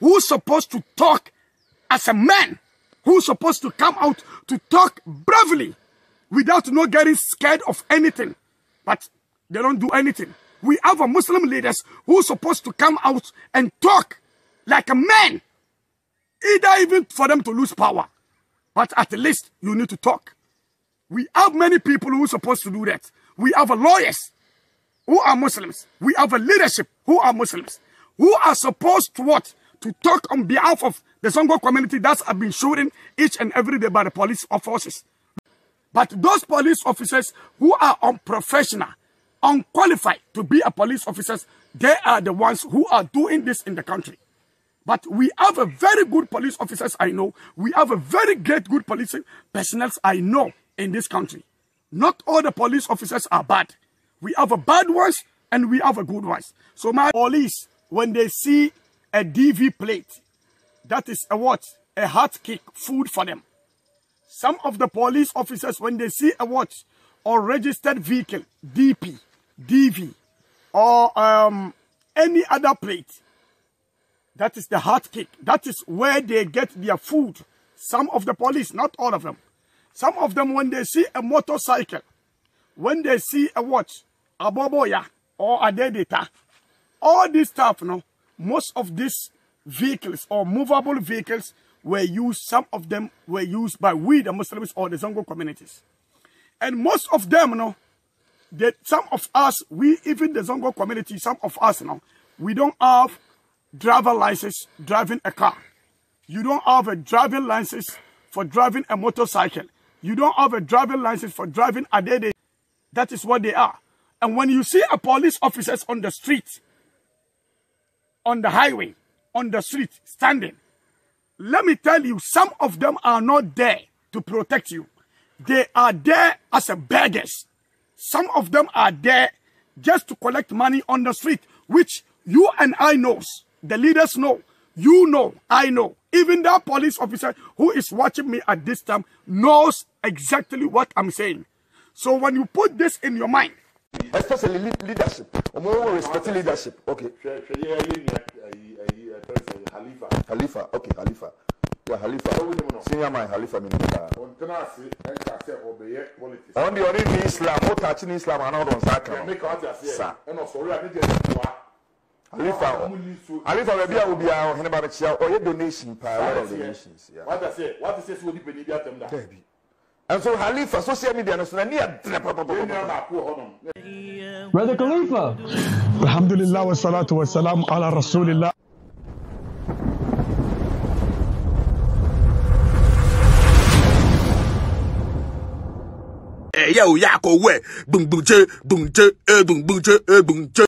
who's supposed to talk as a man, who's supposed to come out to talk bravely without not getting scared of anything. But they don't do anything. We have a Muslim leaders who's supposed to come out and talk like a man, either even for them to lose power. But at least you need to talk. We have many people who are supposed to do that. We have lawyers who are Muslims. We have a leadership who are Muslims. Who are supposed to what? to talk on behalf of the Songo community that have been shooting each and every day by the police officers. But those police officers who are unprofessional, unqualified to be a police officers, they are the ones who are doing this in the country. But we have a very good police officers, I know. We have a very great good police personnel, I know, in this country. Not all the police officers are bad. We have a bad ones and we have a good ones. So my police, when they see a DV plate. That is a what? A hot cake, food for them. Some of the police officers, when they see a watch or registered vehicle, DP, DV, or um, any other plate, that is the hot cake. That is where they get their food. Some of the police, not all of them. Some of them, when they see a motorcycle, when they see a watch, a boboya, or a dedita, all this stuff, you no, know, most of these vehicles or movable vehicles were used, some of them were used by we, the Muslims or the Zongo communities. And most of them, you know, that some of us, we, even the Zongo community, some of us, you know, we don't have driver license driving a car. You don't have a driving license for driving a motorcycle. You don't have a driving license for driving a day. That is what they are. And when you see a police officers on the street, on the highway, on the street, standing. Let me tell you, some of them are not there to protect you. They are there as a beggars. Some of them are there just to collect money on the street, which you and I knows. The leaders know. You know. I know. Even that police officer who is watching me at this time knows exactly what I'm saying. So when you put this in your mind, especially leadership ọmọ wọn respect leadership okay. ṣẹyẹ ayé ni ayi ẹtẹrẹsẹ halifa. halifa okay halifa wa halifa senior man halifa mi nìyà. ọ̀ntẹ́nà àṣẹ ẹ̀ka àṣẹ ọ̀bẹ̀yẹ politics. ọ̀n di ọ̀ní ní islam ó tàchí ní islam àná ọ̀dọ̀ nsá kan. ẹ̀mí kan ti àṣẹ ẹ̀nà sọ̀rọ̀ àdídẹ̀ ah, ẹ̀ wá. halifa halifa bẹ̀bí àwọn obi àwọn ọ̀hìn bá mi kyia ọ̀yẹ́ donation pa a lot of donations. wàá tẹ̀ sẹ́ wàá tẹ̀ sẹ́ sẹ́ wọ́n ní bẹ̀ni bí àtẹ̀mú dà. And so halifa social media and so na ne adene brother khalifa alhamdulillah wassalatu wassalamu ala rasulillah Yo, Yako, where? Boom, boom, che, boom, che, eh, boom, boom, che, eh, boom, che.